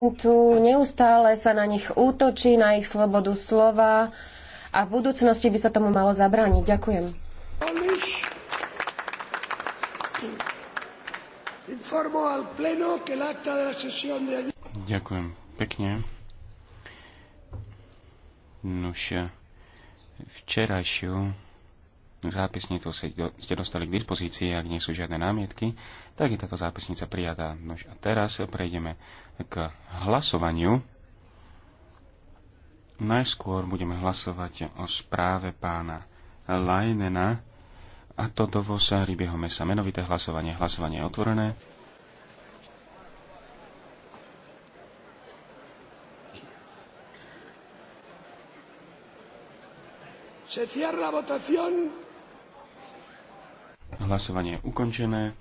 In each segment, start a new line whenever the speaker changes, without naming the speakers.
tu neustále sa na nich útočí, na ich slobodu slova a v budúcnosti by sa tomu malo zabrániť. Ďakujem.
Ďakujem pekne. Nuž, včerajšiu zápisnicu ste dostali k dispozícii, ak nie sú žiadne námietky, tak je táto zápisnica prijatá. Nož a teraz prejdeme k hlasovaniu. Najskôr budeme hlasovať o správe pána Lajnena a to dovoz rybieho mesa. Menovité hlasovanie. Hlasovanie je otvorené.
Se cierra votación.
Hlasovanie je ukončené.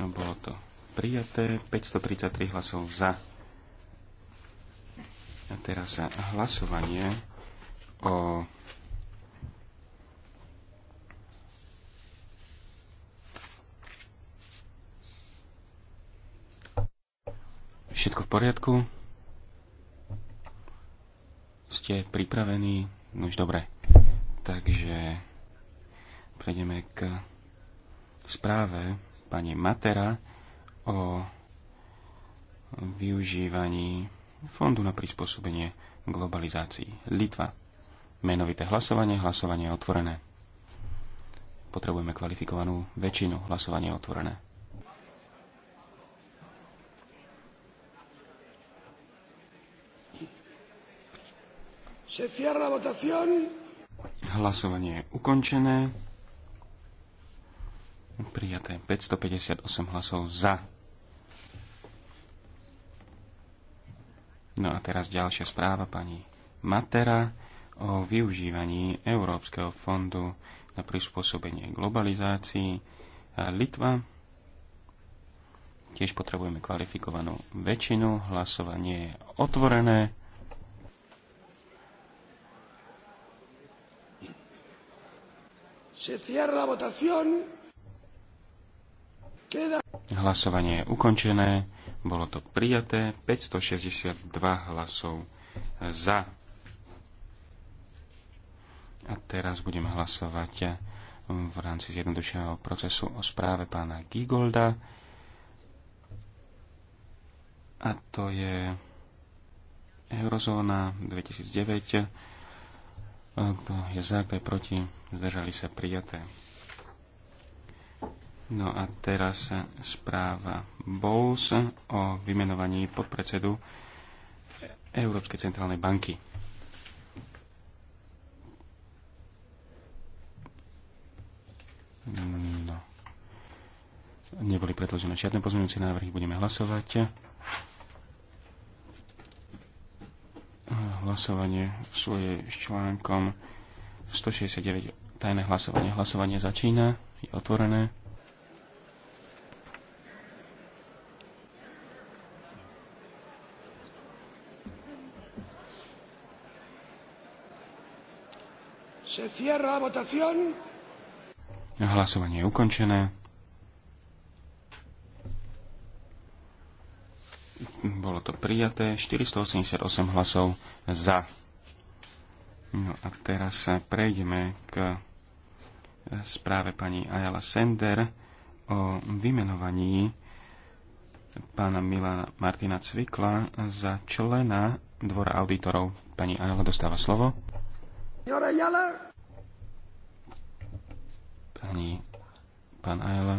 No, bolo to prijaté. 533 hlasov za. A teraz sa hlasovanie o Všetko v poriadku? Ste pripravení? No už dobre. Takže prejdeme k správe pani Matera o využívaní Fondu na prispôsobenie globalizácii. Litva. Menovité hlasovanie, hlasovanie je otvorené. Potrebujeme kvalifikovanú väčšinu, hlasovanie je otvorené.
Se cierra votación.
Hlasovanie je ukončené. Prijaté 558 hlasov za. No a teraz ďalšia správa pani Matera o využívaní Európskeho fondu na prispôsobenie globalizácii. Litva. Tiež potrebujeme kvalifikovanú väčšinu. Hlasovanie je otvorené. Hlasovanie je ukončené. Bolo to prijaté. 562 hlasov za. A teraz budem hlasovať v rámci zjednodušeného procesu o správe pána Gigolda. A to je Eurozóna 2009 kto je za, kto je proti, zdržali sa prijaté. No a teraz správa Bowles o vymenovaní podpredsedu Európskej centrálnej banky. No. Neboli predložené žiadne pozmeňujúce návrhy, budeme hlasovať. hlasovanie v svojej s článkom 169 tajné hlasovanie. Hlasovanie začína, je otvorené. Hlasovanie je ukončené. bolo to prijaté, 488 hlasov za. No a teraz prejdeme k správe pani Ayala Sender o vymenovaní pána Milana Martina Cvikla za člena Dvora auditorov. Pani Ayala dostáva slovo. Pani, pán Ayala.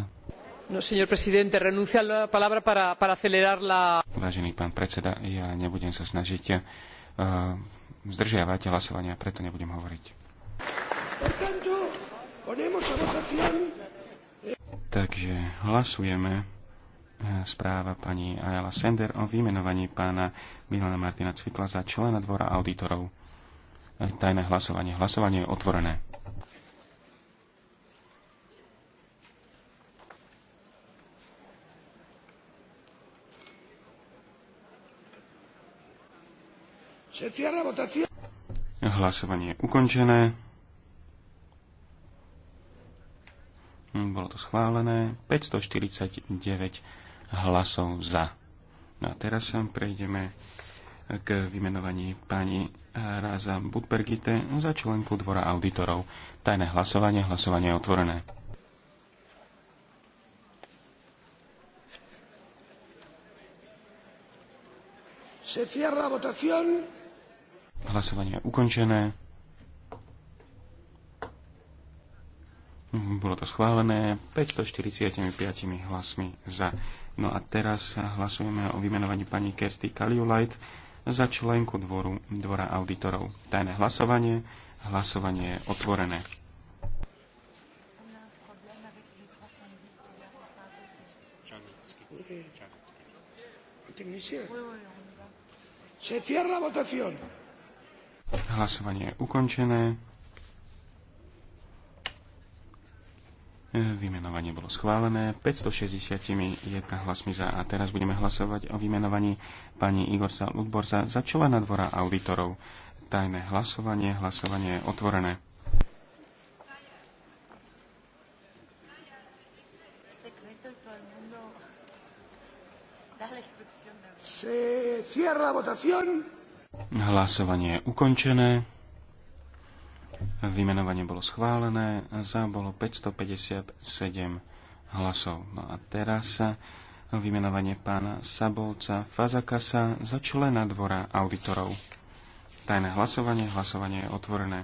No, señor presidente, renuncia a la palabra para, para acelerar la...
Vážený pán predseda, ja nebudem sa snažiť uh, zdržiavať hlasovania, preto nebudem hovoriť. Takže hlasujeme eh, správa pani Ayala Sender o vymenovaní pána Milana Martina Cvikla za člena dvora auditorov. Eh, tajné hlasovanie. Hlasovanie je otvorené. Hlasovanie je ukončené. Bolo to schválené. 549 hlasov za. No a teraz sa prejdeme k vymenovaní pani Ráza Budbergite za členku Dvora auditorov. Tajné hlasovanie, hlasovanie je otvorené.
Se cierra votación.
Hlasovanie je ukončené. Bolo to schválené 545 hlasmi za. No a teraz hlasujeme o vymenovaní pani Kersty Kaliulajt za členku dvoru, dvora auditorov. Tajné hlasovanie. Hlasovanie je otvorené.
Se cierra votación.
Hlasovanie je ukončené. Vymenovanie bolo schválené 561 hlasmi za a teraz budeme hlasovať o vymenovaní pani Igorsa Ludborza za člena dvora auditorov. Tajné hlasovanie, hlasovanie je otvorené.
Se cierra votación.
Hlasovanie je ukončené. Vymenovanie bolo schválené. Za bolo 557 hlasov. No a teraz vymenovanie pána Sabolca Fazakasa za člena dvora auditorov. Tajné hlasovanie. Hlasovanie je otvorené.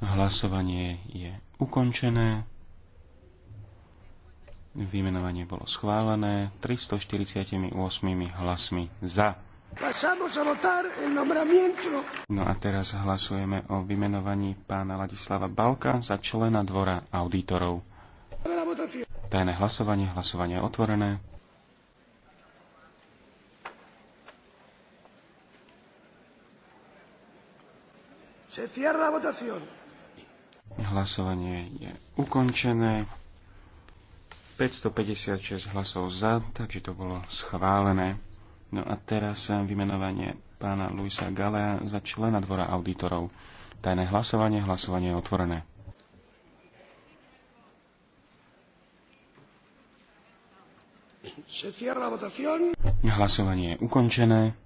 Hlasovanie je ukončené. Vymenovanie bolo schválené 348 hlasmi za. No a teraz hlasujeme o vymenovaní pána Ladislava Balka za člena dvora auditorov. Tajné hlasovanie, hlasovanie je otvorené. Hlasovanie je ukončené. 556 hlasov za, takže to bolo schválené. No a teraz vymenovanie pána Luisa Galea za člena dvora auditorov. Tajné hlasovanie, hlasovanie je otvorené. Hlasovanie je ukončené.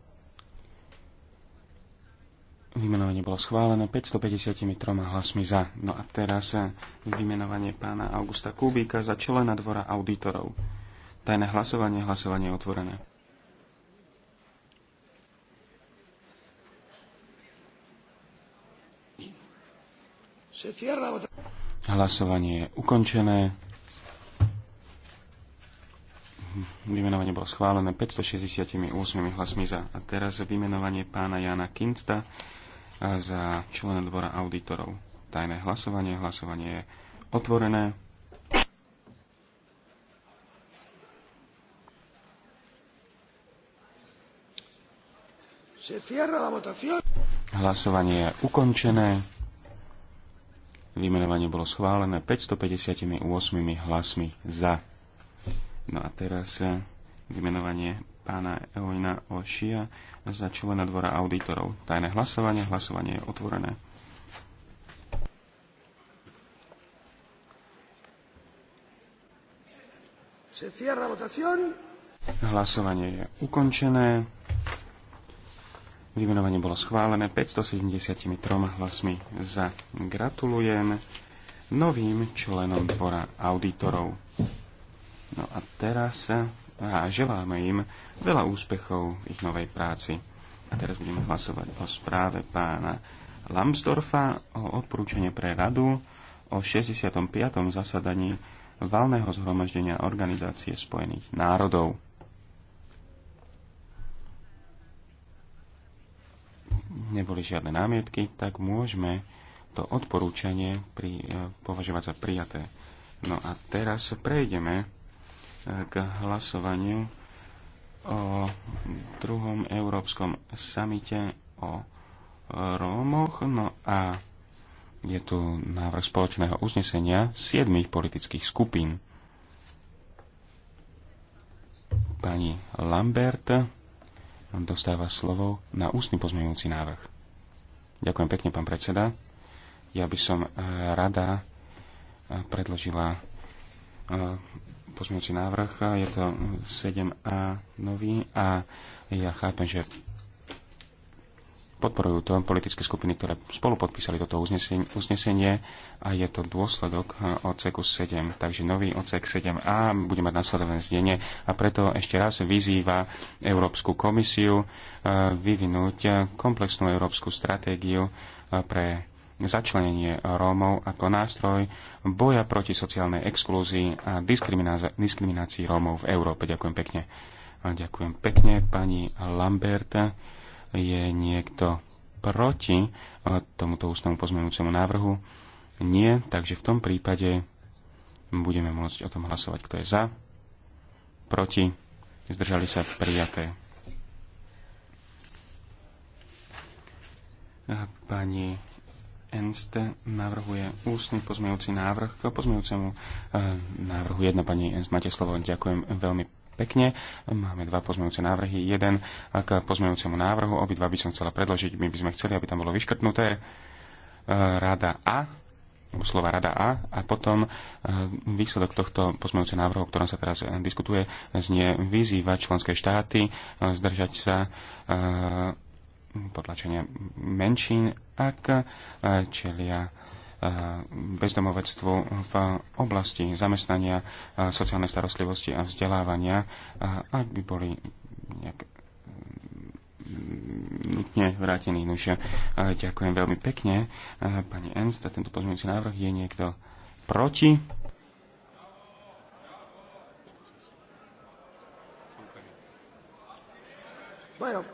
Vymenovanie bolo schválené 553 hlasmi za. No a teraz vymenovanie pána Augusta Kubíka za člena dvora auditorov. Tajné hlasovanie, hlasovanie je otvorené. Hlasovanie je ukončené. Vymenovanie bolo schválené 568 hlasmi za. A teraz vymenovanie pána Jana Kinsta za člena dvora auditorov. Tajné hlasovanie. Hlasovanie je otvorené. Hlasovanie je ukončené. Vymenovanie bolo schválené 558 hlasmi za. No a teraz eh, vymenovanie pána Eoina Ošia za člena dvora auditorov. Tajné hlasovanie, hlasovanie je otvorené. Hlasovanie je ukončené. Vymenovanie bolo schválené 573 hlasmi za. Gratulujem novým členom dvora auditorov. No a teraz a želáme im veľa úspechov v ich novej práci. A teraz budeme hlasovať o správe pána Lambsdorfa o odporúčanie pre radu o 65. zasadaní valného zhromaždenia Organizácie spojených národov. Neboli žiadne námietky, tak môžeme to odporúčanie pri, eh, považovať za prijaté. No a teraz prejdeme k hlasovaniu o druhom európskom samite o Rómoch. No a je tu návrh spoločného uznesenia siedmých politických skupín. Pani Lambert dostáva slovo na ústny pozmeňujúci návrh. Ďakujem pekne, pán predseda. Ja by som rada predložila e, pozmeňujúci návrh. Je to 7A nový a ja chápem, že podporujú to politické skupiny, ktoré spolu podpísali toto uznesenie a je to dôsledok e, odseku 7. Takže nový odsek 7a bude mať nasledovné zdenie. a preto ešte raz vyzýva Európsku komisiu e, vyvinúť e, komplexnú európsku stratégiu pre začlenenie Rómov ako nástroj boja proti sociálnej exklúzii a diskriminácii Rómov v Európe. Ďakujem pekne. Ďakujem pekne, pani Lambert. Je niekto proti eh, tomuto ústnemu pozmenujúcemu návrhu? Nie, takže v tom prípade budeme môcť o tom hlasovať, kto je za, proti, zdržali sa prijaté. Pani Enst navrhuje ústny pozmejúci návrh k pozmejúcemu e, návrhu 1. Pani Enst, máte slovo. Ďakujem veľmi pekne. Máme dva pozmejúce návrhy. Jeden k pozmejúcemu návrhu. Obidva by som chcela predložiť. My by sme chceli, aby tam bolo vyškrtnuté e, rada A, slova rada A a potom e, výsledok tohto pozmejúceho návrhu, o ktorom sa teraz diskutuje, znie vyzývať členské štáty zdržať sa potlačenia menšín, ak e, čelia e, bezdomovectvu v oblasti zamestnania, e, sociálnej starostlivosti a vzdelávania, ak by boli nejak mm, nutne vrátení. Nože, ďakujem veľmi pekne. Pani Enst, za tento pozmeňujúci návrh je niekto proti? Bueno,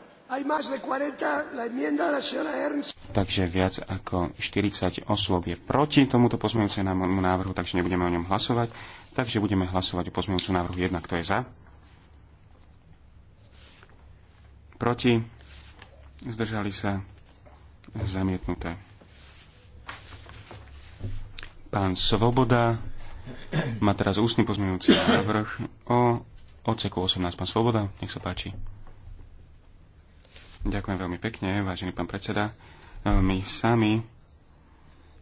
Takže viac ako 40 osôb je proti tomuto pozmeňujúcemu návrhu, takže nebudeme o ňom hlasovať. Takže budeme hlasovať o pozmeňujúcom návrhu 1. Kto je za? Proti? Zdržali sa? Zamietnuté. Pán Svoboda má teraz ústny pozmeňujúci návrh o odseku 18. Pán Svoboda, nech sa páči. Ďakujem veľmi pekne, vážený pán predseda. E, my sami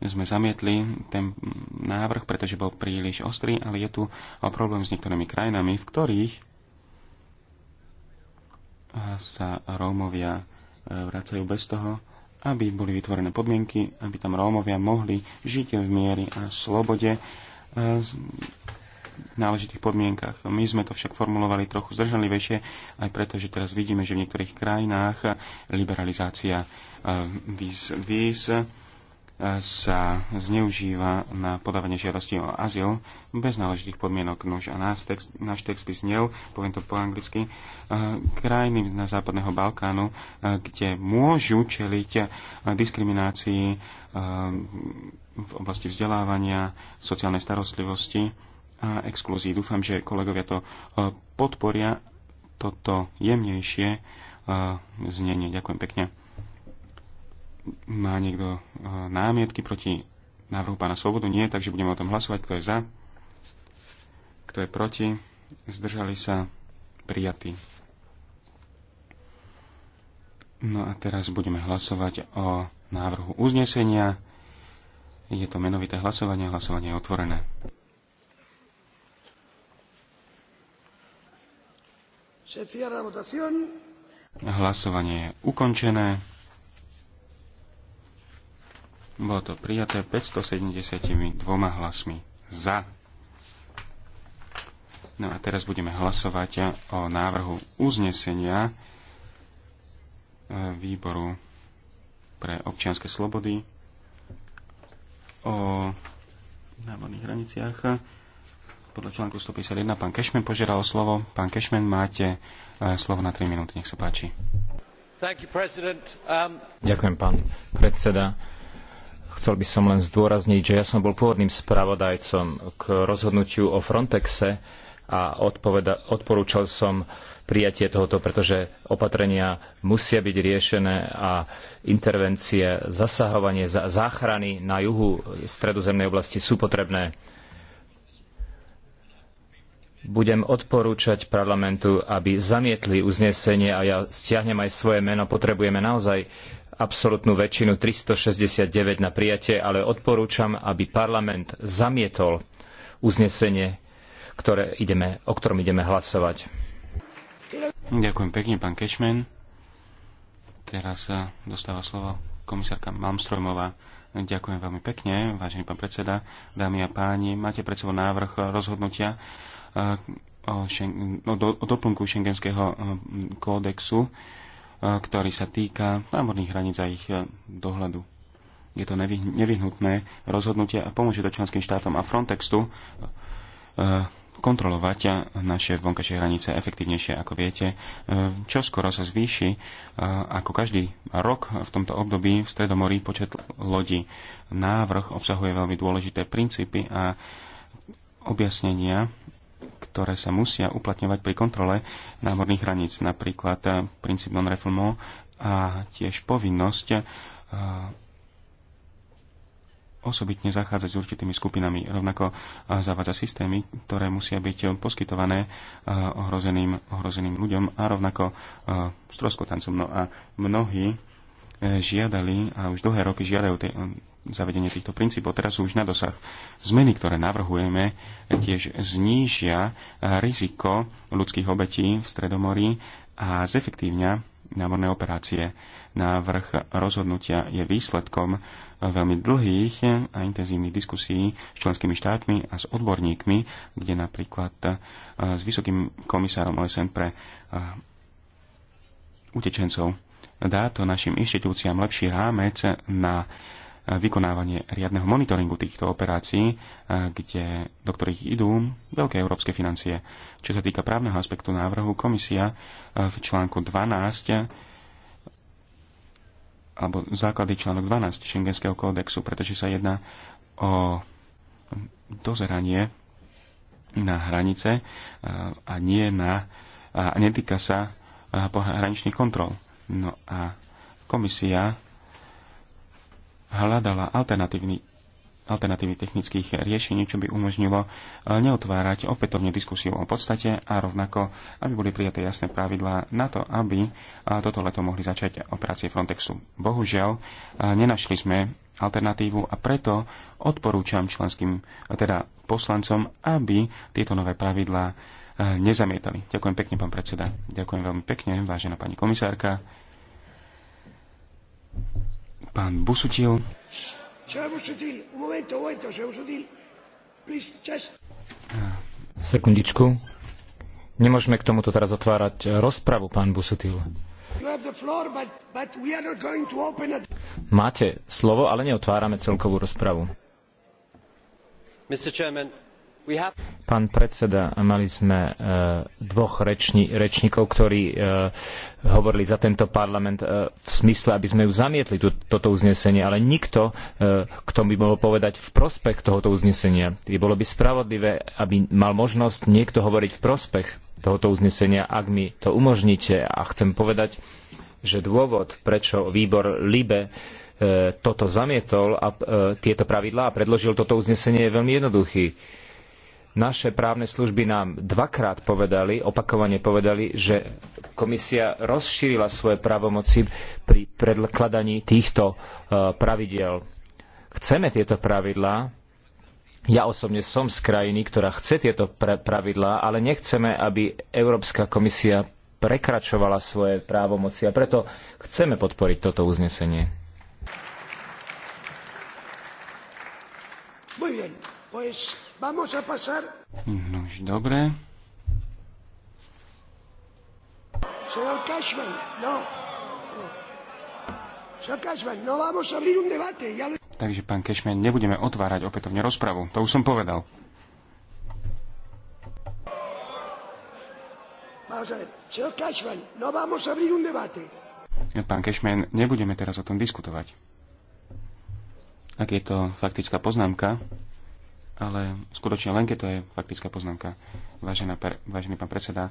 sme zamietli ten návrh, pretože bol príliš ostrý, ale je tu problém s niektorými krajinami, v ktorých sa Rómovia e, vracajú bez toho, aby boli vytvorené podmienky, aby tam Rómovia mohli žiť v miery a slobode e, náležitých podmienkach. My sme to však formulovali trochu zdržanlivejšie, aj preto, že teraz vidíme, že v niektorých krajinách liberalizácia eh, víz, víz eh, sa zneužíva na podávanie žiadosti o azyl bez náležitých podmienok. Nož a náš text, náš text by znel, poviem to po anglicky, eh, krajiny na západného Balkánu, kde môžu čeliť diskriminácii v oblasti vzdelávania, sociálnej starostlivosti a exkluzí. Dúfam, že kolegovia to e, podporia toto jemnejšie e, znenie. Ďakujem pekne. Má niekto e, námietky proti návrhu pána Svobodu? Nie, takže budeme o tom hlasovať. Kto je za? Kto je proti? Zdržali sa? Prijatí. No a teraz budeme hlasovať o návrhu uznesenia. Je to menovité hlasovanie, hlasovanie je otvorené. Hlasovanie je ukončené. Bolo to prijaté 572 hlasmi za. No a teraz budeme hlasovať o návrhu uznesenia e, výboru pre občianske slobody o návodných hraniciach podľa článku 151. Pán Kešmen požiadal slovo. Pán Kešmen, máte e, slovo na 3 minúty. Nech sa páči.
You, um... Ďakujem, pán predseda. Chcel by som len zdôrazniť, že ja som bol pôvodným spravodajcom k rozhodnutiu o Frontexe a odpoveda- odporúčal som prijatie tohoto, pretože opatrenia musia byť riešené a intervencie, zasahovanie, záchrany na juhu stredozemnej oblasti sú potrebné budem odporúčať parlamentu, aby zamietli uznesenie a ja stiahnem aj svoje meno. Potrebujeme naozaj absolútnu väčšinu 369 na prijatie, ale odporúčam, aby parlament zamietol uznesenie, ktoré ideme, o ktorom ideme hlasovať. Ďakujem pekne, pán Kečmen.
Teraz eh, dostáva slovo komisárka Malmstromová. Ďakujem veľmi pekne, vážený pán predseda, dámy a páni. Máte pred sebou návrh rozhodnutia No, o, doplnku šengenského e, kódexu, e, ktorý sa týka námorných hraníc a ich e, dohľadu. Je to nevyhnutné rozhodnutie a pomôže to členským štátom a Frontextu kontrolovať naše vonkajšie hranice efektívnejšie, ako viete. Čo skoro sa zvýši, ako každý rok v tomto období v Stredomorí počet lodí. Návrh obsahuje veľmi dôležité princípy a objasnenia ktoré sa musia uplatňovať pri kontrole námorných hraníc, napríklad eh, princíp non refoulement a tiež povinnosť eh, osobitne zachádzať s určitými skupinami. Rovnako eh, zavádza systémy, ktoré musia byť poskytované ohrozeným, ohrozeným ľuďom a rovnako stroskotancom. No a mnohí žiadali a už dlhé roky žiadajú tie, zavedenie týchto princípov. Teraz sú už na dosah. Zmeny, ktoré navrhujeme, tiež znížia riziko ľudských obetí v Stredomorí a zefektívňa námorné operácie. Návrh rozhodnutia je výsledkom veľmi dlhých a intenzívnych diskusí s členskými štátmi a s odborníkmi, kde napríklad eh, s vysokým komisárom OSN pre eh, utečencov dá to našim inštitúciám lepší rámec na vykonávanie riadneho monitoringu týchto operácií, eh, kde, do ktorých idú veľké európske financie. Čo sa týka právneho aspektu návrhu, komisia eh, v článku 12 alebo základy článok 12 Schengenského kódexu, pretože sa jedná o dozeranie na hranice eh, a nie na a netýka sa pohraničných kontrol. No a komisia hľadala alternatívny alternatívy technických riešení, čo by umožnilo e, neotvárať opätovne diskusiu o podstate a rovnako, aby boli prijaté jasné pravidlá na to, aby e, toto leto mohli začať operácie Frontexu. Bohužiaľ, e, nenašli sme alternatívu a preto odporúčam členským, teda poslancom, aby tieto nové pravidlá nezamietali. Ďakujem pekne, pán predseda. Ďakujem veľmi pekne, vážená pani komisárka. Pán Busutil.
Sekundičku. Nemôžeme k tomuto teraz otvárať rozpravu, pán Busutil. Máte slovo, ale neotvárame celkovú rozpravu. Mr. Chairman, Pán predseda, mali sme e, dvoch reční, rečníkov, ktorí e, hovorili za tento parlament e, v smysle, aby sme ju zamietli, tú, toto uznesenie, ale nikto, kto by mohol povedať v prospech tohoto uznesenia. je bolo by spravodlivé, aby mal možnosť niekto hovoriť v prospech tohoto uznesenia, ak mi to umožníte. A chcem povedať, že dôvod, prečo výbor LIBE toto zamietol a tieto pravidlá a predložil toto uznesenie je veľmi jednoduchý naše právne služby nám dvakrát povedali, opakovane povedali, že komisia rozšírila svoje právomoci pri predkladaní týchto e, pravidiel. Chceme tieto pravidlá, ja osobne som z krajiny, ktorá chce tieto pravidlá, ale nechceme, aby Európska komisia prekračovala svoje právomoci a preto chceme podporiť toto uznesenie.
Muy bien, pues Vamos a pasar...
No už dobre.
Señor Cashman, no. Señor Cashman, no vamos a abrir un debate. Ya le...
Takže, pán Cashman, nebudeme otvárať opätovne rozpravu. To už som povedal.
Señor Cashman, no vamos a abrir un debate.
Pán Cashman, nebudeme teraz o tom diskutovať. Ak je to faktická poznámka, ale skutočne len keď to je faktická poznámka. Vážená, vážený pán predseda,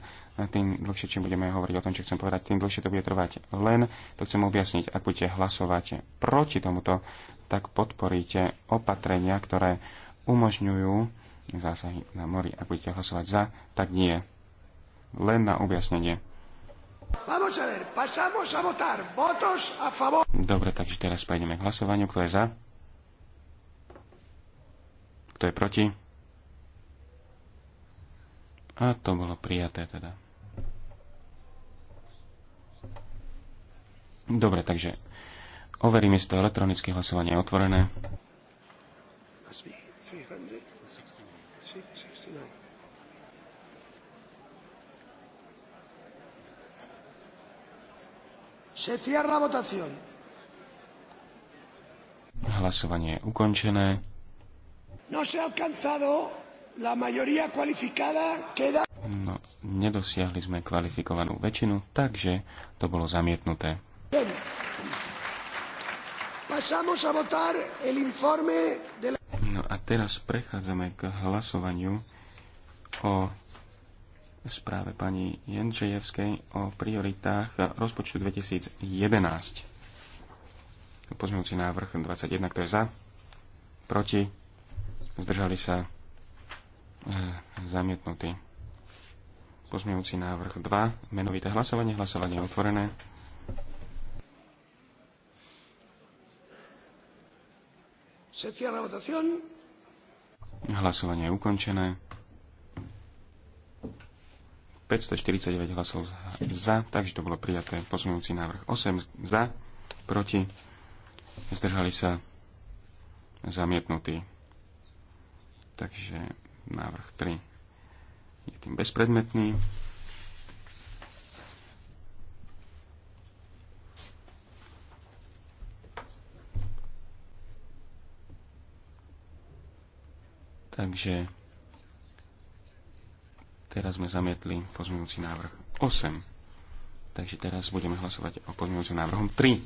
tým dlhšie, čím budeme hovoriť o tom, čo chcem povedať, tým dlhšie to bude trvať. Len to chcem objasniť. Ak budete hlasovať proti tomuto, tak podporíte opatrenia, ktoré umožňujú zásahy na mori. Ak budete hlasovať za, tak nie. Len na objasnenie. Dobre, takže teraz prejdeme k hlasovaniu. Kto je za? Kto je proti? A to bolo prijaté teda. Dobre, takže overíme si to elektronické hlasovanie je otvorené. Hlasovanie je ukončené.
No se ha alcanzado la mayoría cualificada queda...
No, nedosiahli sme kvalifikovanú väčšinu, takže to bolo zamietnuté. No a teraz prechádzame k hlasovaniu o správe pani Jendřejevskej o prioritách rozpočtu 2011. Pozmeňujúci návrh 21, kto je za? Proti? zdržali sa e, zamietnutý. Pozmejúci návrh 2, menovité hlasovanie, hlasovanie je otvorené. Hlasovanie je ukončené. 549 hlasov za, takže to bolo prijaté. Pozmejúci návrh 8 za, proti, zdržali sa zamietnutí. Takže návrh 3 je tým bezpredmetný. Takže teraz sme zamietli pozmeňujúci návrh 8. Takže teraz budeme hlasovať o pozmeňujúcom návrhom 3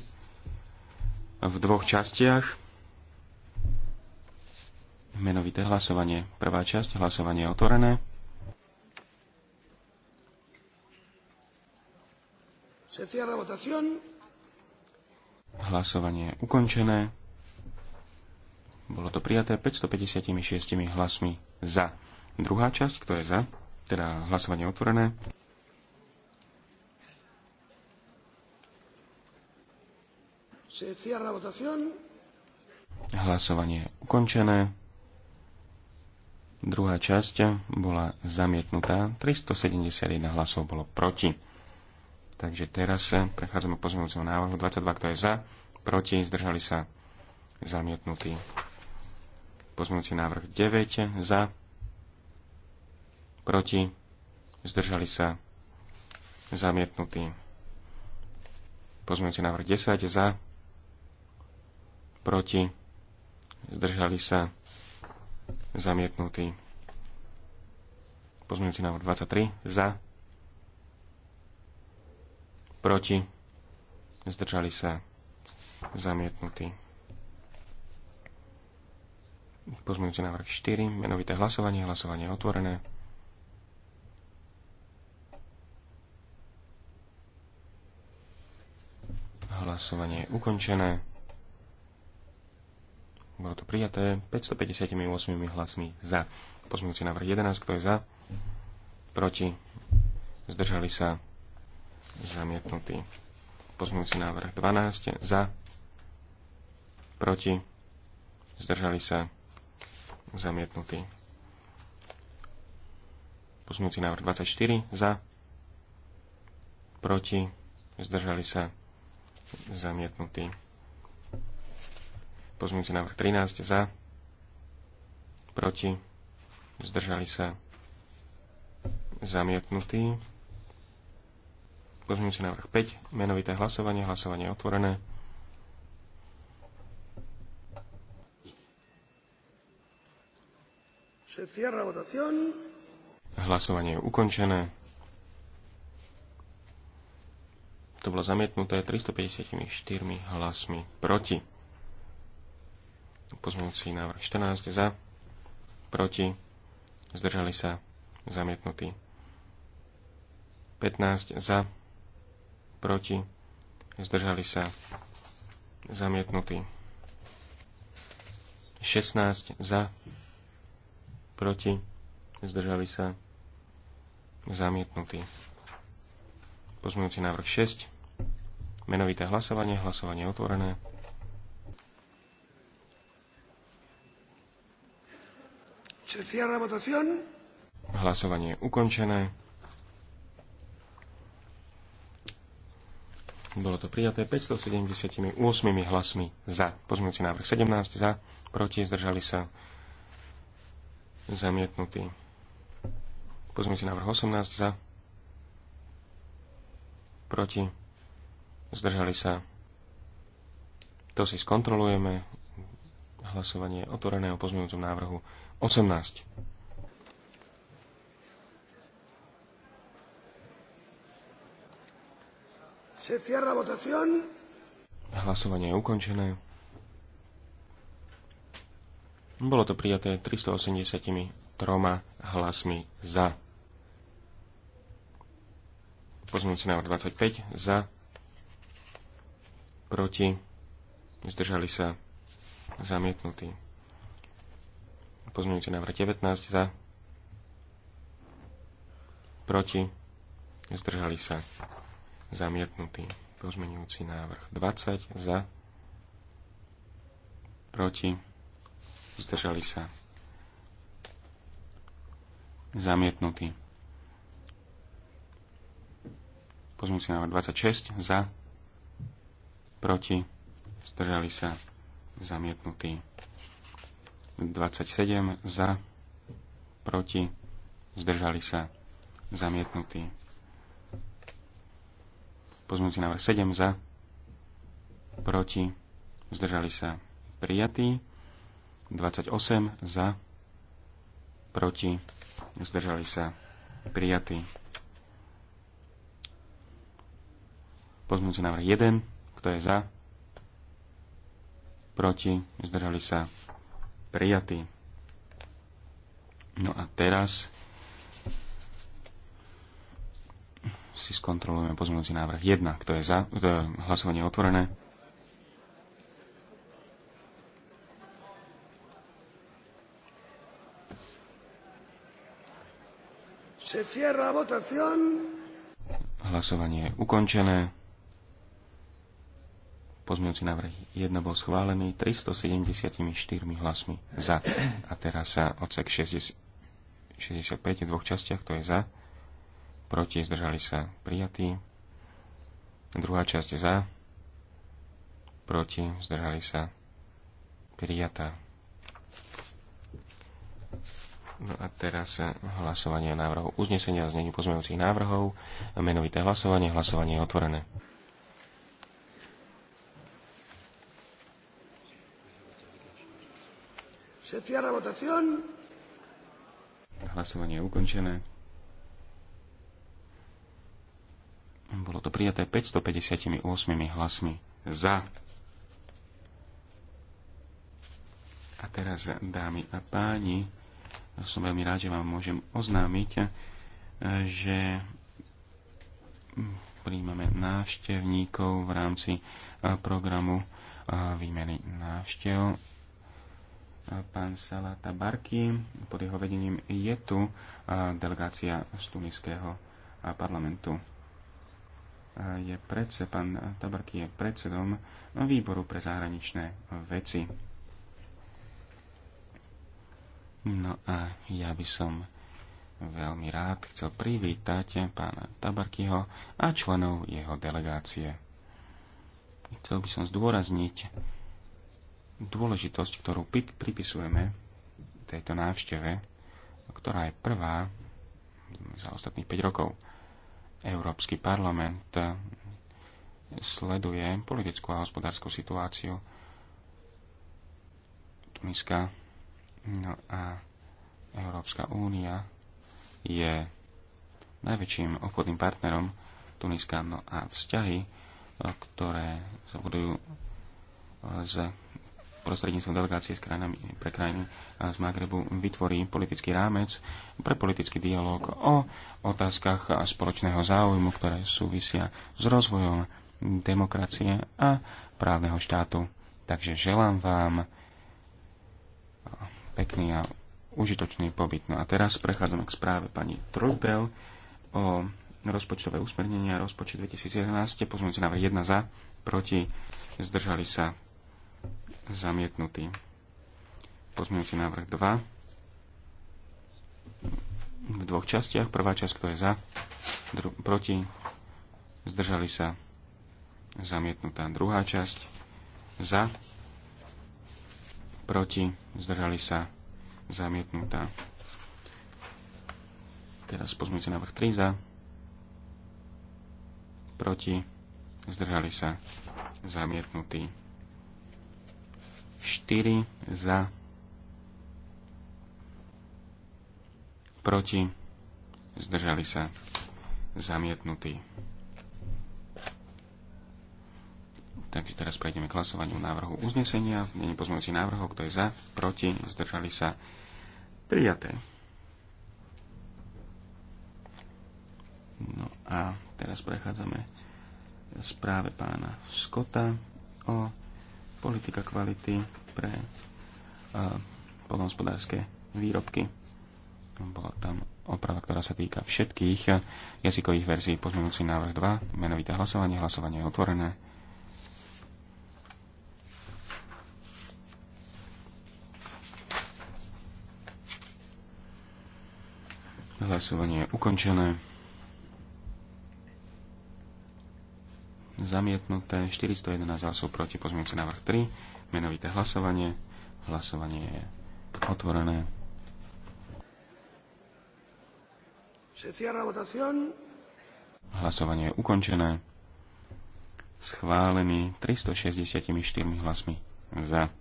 v dvoch častiach menovité hlasovanie. Prvá časť, hlasovanie je otvorené. Hlasovanie je ukončené. Bolo to prijaté 556 hlasmi za. Druhá časť, kto je za? Teda hlasovanie je otvorené. Hlasovanie je ukončené. Druhá časť bola zamietnutá. 371 hlasov bolo proti. Takže teraz prechádzame k pozmeňujúcemu návrhu. 22, kto je za, proti, zdržali sa zamietnutí. Pozmeňujúci návrh 9, za, proti, zdržali sa zamietnutí. Pozmeňujúci návrh 10, za, proti, zdržali sa zamietnutý. Pozmeňujúci návrh 23 za, proti, zdržali sa, zamietnutý. Pozmeňujúci návrh 4, menovité hlasovanie, hlasovanie je otvorené. Hlasovanie je ukončené. Bolo to prijaté 558 hlasmi za. Pozmiňujúci návrh 11, kto je za? Proti? Zdržali sa? Zamietnutý. Pozmiňujúci návrh 12 za? Proti? Zdržali sa? Zamietnutý. Pozmiňujúci návrh 24 za? Proti? Zdržali sa? Zamietnutý Pozmiňujúci návrh 13 za, proti, zdržali sa zamietnutí. Pozmiňujúci návrh 5, menovité hlasovanie, hlasovanie je otvorené. Hlasovanie je ukončené. To bolo zamietnuté 354 hlasmi proti. Pozmúci návrh 14 za, proti, zdržali sa, zamietnutý. 15 za, proti, zdržali sa, zamietnutý. 16 za, proti, zdržali sa, zamietnutý. Pozmúci návrh 6. Menovité hlasovanie, hlasovanie otvorené. Hlasovanie je ukončené. Bolo to prijaté 578 hlasmi za. Pozmeňujúci návrh 17 za, proti, zdržali sa zamietnutí. Pozmeňujúci návrh 18 za, proti, zdržali sa. To si skontrolujeme. Hlasovanie je otvorené o pozmeňujúcom návrhu 18. Hlasovanie je ukončené. Bolo to prijaté 383 hlasmi za. Pozmúci návrh 25 za. Proti. Zdržali sa zamietnutí. Pozmeňujúci návrh 19 za. Proti. Zdržali sa. Zamietnutý. Pozmeňujúci návrh 20 za. Proti. Zdržali sa. Zamietnutý. Pozmeňujúci návrh 26 za. Proti. Zdržali sa. Zamietnutý. 27 za, proti, zdržali sa, zamietnutí. Pozmúci návrh 7 za, proti, zdržali sa, prijatí. 28 za, proti, zdržali sa, prijatí. Pozmúci návrh 1, kto je za, proti, zdržali sa, prijatý. No a teraz si skontrolujeme pozmeňujúci návrh 1. Kto je za? Kto je hlasovanie otvorené. Hlasovanie je ukončené pozmeňujúci návrh 1 bol schválený 374 hlasmi za. A teraz sa odsek 65 v dvoch častiach, to je za. Proti zdržali sa prijatí. Druhá časť za. Proti zdržali sa prijatá. No a teraz hlasovanie návrhov uznesenia znení pozmeňujúcich návrhov. Menovité hlasovanie. Hlasovanie je otvorené.
Se cierra votación.
Hlasovanie je ukončené. Bolo to prijaté 558 hlasmi za. A teraz, dámy a páni, som veľmi rád, že vám môžem oznámiť, že príjmame návštevníkov v rámci programu výmeny návštev pán Salata Barky. Pod jeho vedením je tu delegácia z tuniského parlamentu. Je predse, pán Tabarky je predsedom výboru pre zahraničné veci. No a ja by som veľmi rád chcel privítať pána Tabarkyho a členov jeho delegácie. Chcel by som zdôrazniť, dôležitosť, ktorú pripisujeme tejto návšteve, ktorá je prvá za ostatných 5 rokov. Európsky parlament sleduje politickú a hospodárskú situáciu Tuniska no a Európska únia je najväčším obchodným partnerom Tuniska no a vzťahy, ktoré sa budujú s prostredníctvom delegácie s krajinami, pre krajiny z Magrebu vytvorí politický rámec pre politický dialog o otázkach spoločného záujmu, ktoré súvisia s rozvojom demokracie a právneho štátu. Takže želám vám pekný a užitočný pobyt. No a teraz prechádzame k správe pani Trojbel o rozpočtové usmernenia, rozpočet 2011, pozmeňujúci návrh 1 za, proti, zdržali sa zamietnutý. Pozmeňujúci návrh 2 v dvoch častiach. Prvá časť, kto je za, proti, zdržali sa, zamietnutá. Druhá časť, za, proti, zdržali sa, zamietnutá. Teraz pozmeňujúci návrh 3 za, proti, zdržali sa, zamietnutý. 4 za, proti, zdržali sa, zamietnutí. Takže teraz prejdeme k hlasovaniu návrhu uznesenia. Není pozmeňujúci návrhov, kto je za, proti, zdržali sa, prijaté. No a teraz prechádzame správe pána Skota o politika kvality pre polnohospodárske výrobky. Bola tam oprava, ktorá sa týka všetkých jazykových verzií. Pozmenúci návrh 2, menovité hlasovanie. Hlasovanie je otvorené. Hlasovanie je ukončené. zamietnuté, 411 hlasov proti, pozmienci návrh 3, menovité hlasovanie, hlasovanie je otvorené. Hlasovanie je ukončené. Schválený 364 hlasmi za.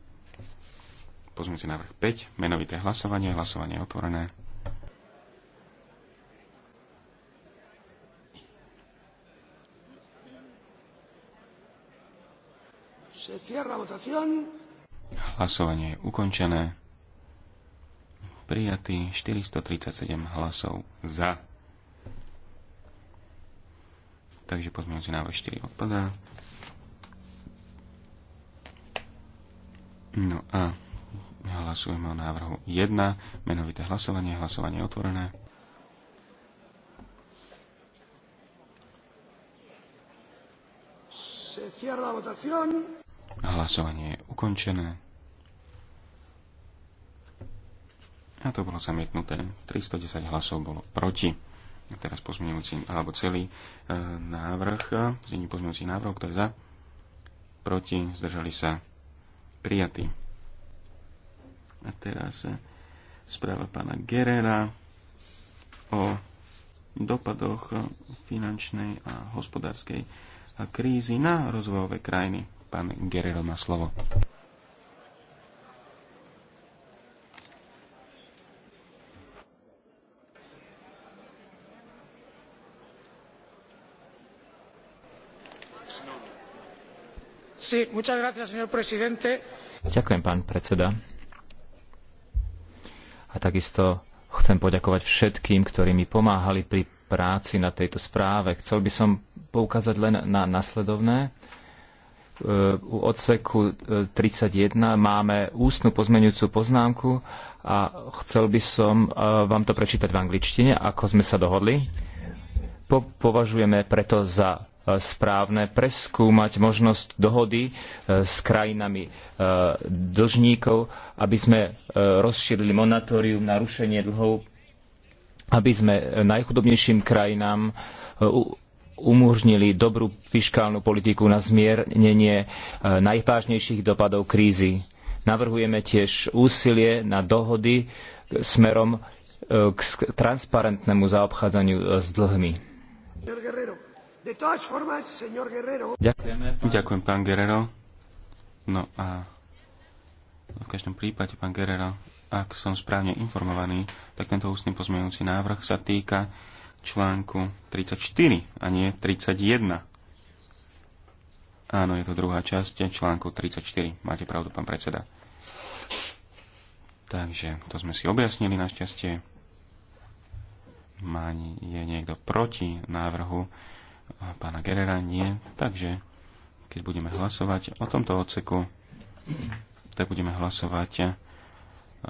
Pozmienci návrh 5, menovité hlasovanie, hlasovanie je otvorené. Hlasovanie je ukončené. Prijatý 437 hlasov za. Takže pozmeňujúci návrh 4 odpadá. No a hlasujeme o návrhu 1. Menovité hlasovanie. Hlasovanie je otvorené. Hlasovanie je ukončené. A to bolo zamietnuté. 310 hlasov bolo proti. A teraz pozmeňujúci, alebo celý e, návrh, e, znení pozmeňujúci návrh, kto je za, proti, zdržali sa, prijatí. A teraz e, správa pána Gerera o dopadoch e, finančnej a hospodárskej krízy na rozvojové krajiny. Pán Gerero má slovo.
Ďakujem,
pán predseda. A takisto chcem poďakovať všetkým, ktorí mi pomáhali pri práci na tejto správe. Chcel by som poukázať len na nasledovné u odseku 31 e, máme ústnu pozmeňujúcu poznámku a chcel by som e, vám to prečítať v angličtine, ako sme sa dohodli. Po, považujeme preto za e, správne preskúmať možnosť dohody s krajinami dlžníkov, aby sme rozšírili monatórium na rušenie dlhov, aby sme najchudobnejším krajinám umožnili dobrú fiškálnu politiku na zmiernenie e, najvážnejších dopadov krízy. Navrhujeme tiež úsilie na dohody e, smerom e, k transparentnému zaobchádzaniu s dlhmi.
Ďakujeme, pán...
Ďakujem, pán Guerrero.
No a v každom prípade, pán Guerrero, ak som správne informovaný, tak tento ústny pozmeňujúci návrh sa týka článku 34 a nie 31. Áno, je to druhá časť článku 34. Máte pravdu, pán predseda. Takže to sme si objasnili našťastie. Má, je niekto proti návrhu pána Gerera? Nie. Takže keď budeme hlasovať o tomto odseku, tak budeme hlasovať eh,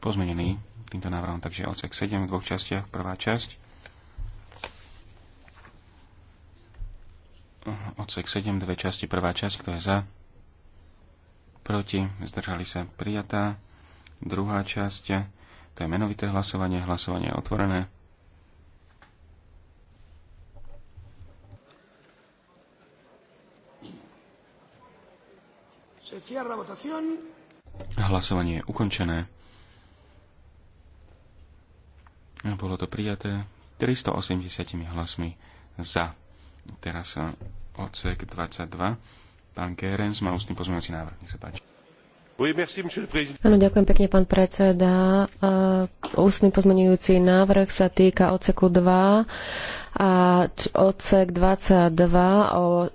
pozmenený týmto návrhom. Takže odsek 7 v dvoch častiach. Prvá časť. Odsek 7, dve časti. Prvá časť, kto je za? Proti. Zdržali sa prijatá. Druhá časť. To je menovité hlasovanie. Hlasovanie je otvorené. Hlasovanie je ukončené. A bolo to prijaté 380 hlasmi za. Teraz e, odsek 22. Pán Kérens má ústny pozmeňovací návrh. Nech sa páči.
Ano, ďakujem pekne, pán predseda. E, ústny pozmenujúci návrh sa týka odseku 2 a odsek 22 o e,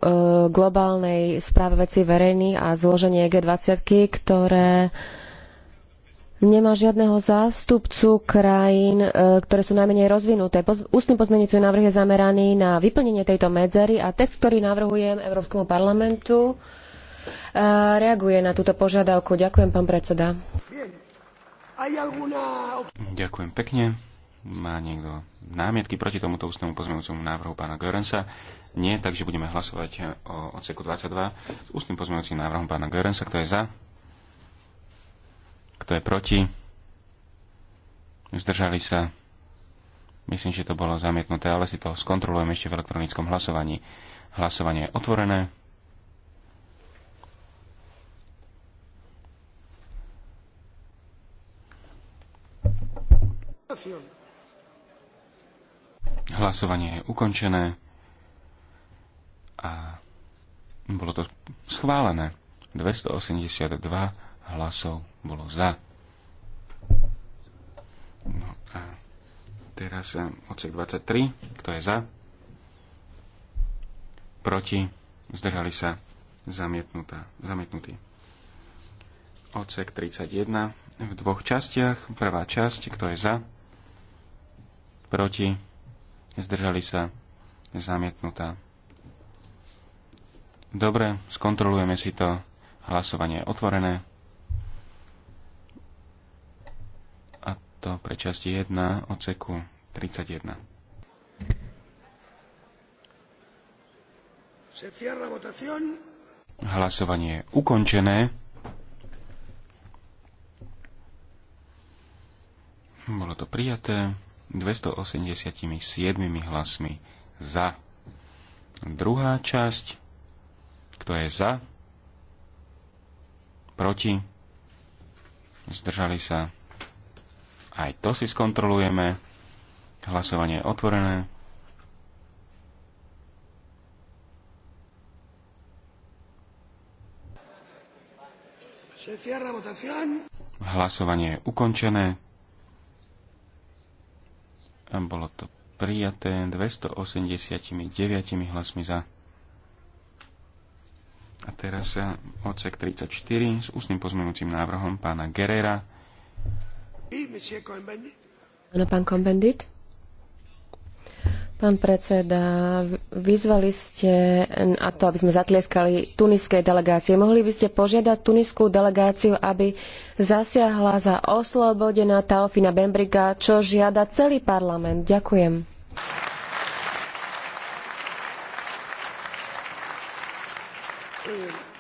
globálnej správe veci verejných a zloženie G20, ktoré nemá žiadneho zástupcu krajín, e, ktoré sú najmenej rozvinuté. Ústny pozmeňujúci návrh je zameraný na vyplnenie tejto medzery a text, ktorý navrhujem Európskemu parlamentu, e, reaguje na túto požiadavku. Ďakujem, pán predseda.
Ďakujem pekne. Má niekto námietky proti tomuto ústnemu pozmeňujúcemu návrhu pána Görensa? Nie, takže budeme hlasovať e, o odseku 22 s ústnym pozmeňujúcim návrhom pána Görensa. Kto je za? Kto je proti? Zdržali sa. Myslím, že to bolo zamietnuté, ale si to skontrolujem ešte v elektronickom hlasovaní. Hlasovanie je otvorené. Hlasovanie je ukončené a bolo to schválené. 282 hlasov bolo za. No a teraz eh, odsek 23, kto je za? Proti, zdržali sa, zamietnutá, zamietnutý. Odsek 31 v dvoch častiach. Prvá časť, kto je za? Proti, zdržali sa, zamietnutá. Dobre, skontrolujeme si to. Hlasovanie je otvorené. to pre časť 1 oceku 31. Hlasovanie je ukončené. Bolo to prijaté 287 hlasmi za. Druhá časť, kto je za, proti, zdržali sa aj to si skontrolujeme. Hlasovanie je otvorené. Hlasovanie je ukončené. A bolo to prijaté 289 hlasmi za. A teraz odsek 34 s ústnym pozmenujúcim návrhom pána Gerera
pán Pán predseda, vyzvali ste na to, aby sme zatlieskali tuniskej delegácie. Mohli by ste požiadať tuniskú delegáciu, aby zasiahla za oslobodená Taofina Bembriga, čo žiada celý parlament. Ďakujem.
Mm.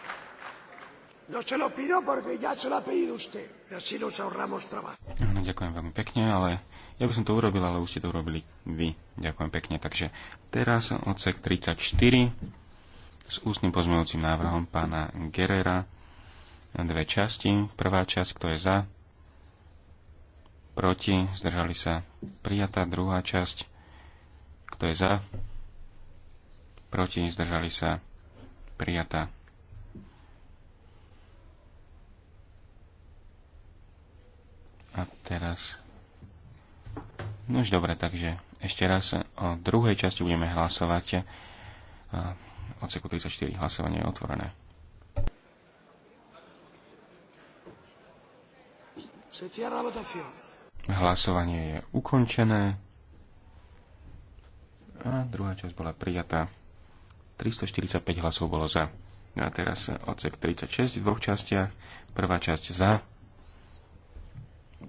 No se lo pido porque ya se lo ha pedido usted. Así nos ahorramos trabajo.
ďakujem veľmi pekne, ale ja by som to urobil, ale už ste to urobili vy. Ďakujem pekne. Takže teraz odsek 34 s ústnym pozmeňujúcim návrhom pána Gerera. Dve časti. Prvá časť, kto je za, proti, zdržali sa prijatá. Druhá časť, kto je za, proti, zdržali sa prijatá. A teraz... No už dobre, takže ešte raz eh, o druhej časti budeme hlasovať. Eh, Odseku 34 hlasovanie je otvorené. Hlasovanie je ukončené. A druhá časť bola prijatá. 345 hlasov bolo za. a teraz eh, odsek 36 v dvoch častiach. Prvá časť za,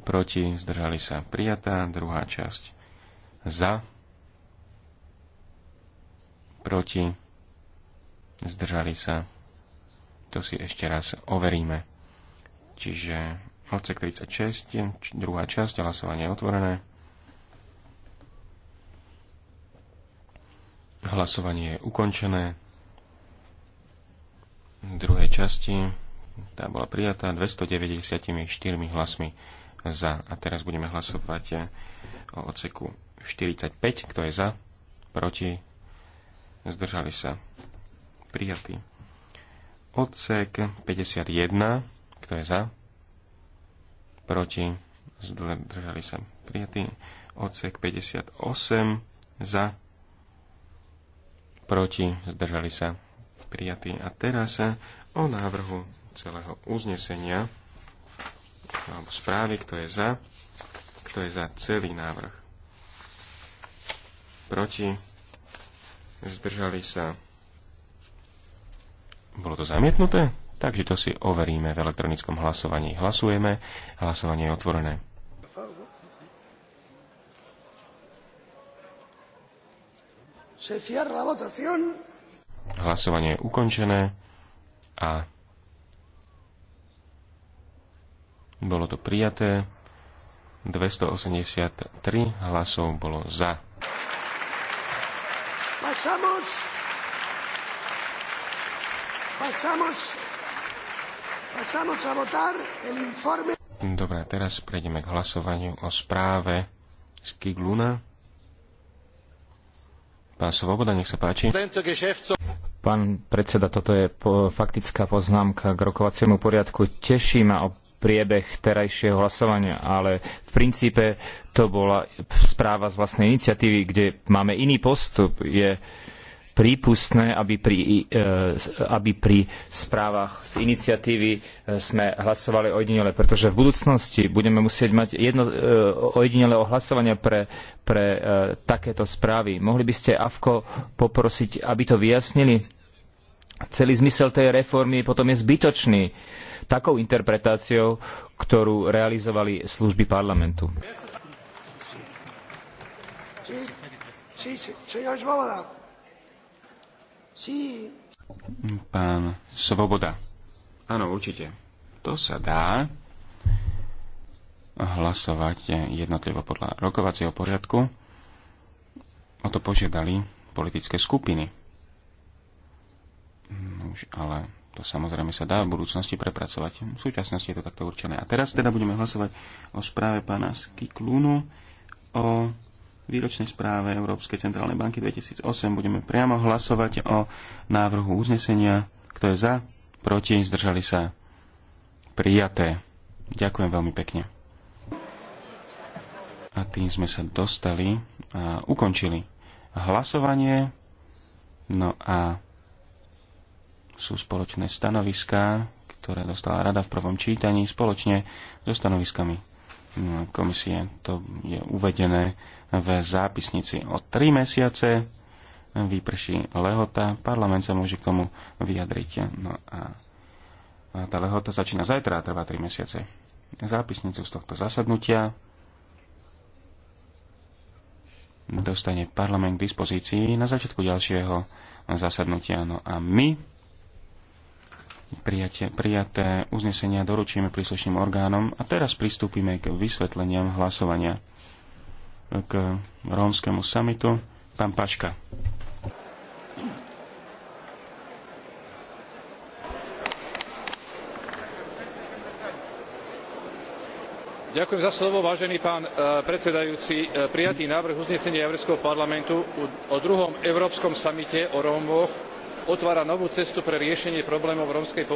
proti, zdržali sa prijatá, druhá časť za, proti, zdržali sa, to si ešte raz overíme. Čiže odsek 36, druhá časť, hlasovanie je otvorené. Hlasovanie je ukončené. V druhej časti tá bola prijatá 294 hlasmi za. A teraz budeme hlasovať eh, o odseku 45, kto je za, proti, zdržali sa, prijatý. Odsek 51, kto je za, proti, zdržali sa, prijatý. Odsek 58, za, proti, zdržali sa, prijatý. A teraz eh, o návrhu celého uznesenia alebo správy, kto je za, kto je za celý návrh. Proti, zdržali sa. Bolo to zamietnuté? Takže to si overíme v elektronickom hlasovaní. Hlasujeme, hlasovanie je otvorené. Hlasovanie je ukončené a Bolo to prijaté. 283 hlasov bolo za.
Pasamos. Pasamos. Pasamos a votar el informe.
Dobre, teraz prejdeme k hlasovaniu o správe z Kigluna.
Pán Svoboda, nech sa páči. Pán predseda, toto je po, faktická poznámka k rokovaciemu poriadku. Teší ma priebeh terajšieho hlasovania, ale v princípe to bola správa z vlastnej iniciatívy, kde máme iný postup. Je prípustné, aby pri, e, aby pri správach z iniciatívy e, sme hlasovali ojedinele, pretože v budúcnosti budeme musieť mať jedno, e, ojedinele ohlasovania pre, pre takéto správy. Mohli by ste AFKO poprosiť, aby to vyjasnili? Celý zmysel tej reformy potom je zbytočný takou interpretáciou, ktorú realizovali služby parlamentu.
Pán Svoboda. Áno, určite. To sa dá hlasovať jednotlivo podľa rokovacieho poriadku. O to požiadali politické skupiny. No už ale to samozrejme sa dá v budúcnosti prepracovať. V súčasnosti je to takto určené. A teraz teda budeme hlasovať o správe pána Skiklunu o výročnej správe Európskej centrálnej banky 2008. Budeme priamo hlasovať o návrhu uznesenia. Kto je za? Proti? Zdržali sa? Prijaté. Ďakujem veľmi pekne. A tým sme sa dostali a ukončili hlasovanie. No a sú spoločné stanoviská, ktoré dostala rada v prvom čítaní spoločne so stanoviskami komisie. To je uvedené v zápisnici o 3 mesiace. výprší lehota, parlament sa môže k tomu vyjadriť. No a tá lehota začína zajtra a trvá tri mesiace. Zápisnicu z tohto zasadnutia dostane parlament k dispozícii na začiatku ďalšieho zasadnutia. No a my prijate, prijaté uznesenia doručíme príslušným orgánom a teraz pristúpime k vysvetleniam hlasovania k rómskemu samitu. Pán Paška.
Ďakujem za slovo, vážený pán e, predsedajúci. E, prijatý návrh uznesenia Európskeho parlamentu o druhom Európskom samite o Rómoch otvára novú cestu pre riešenie problémov rómskej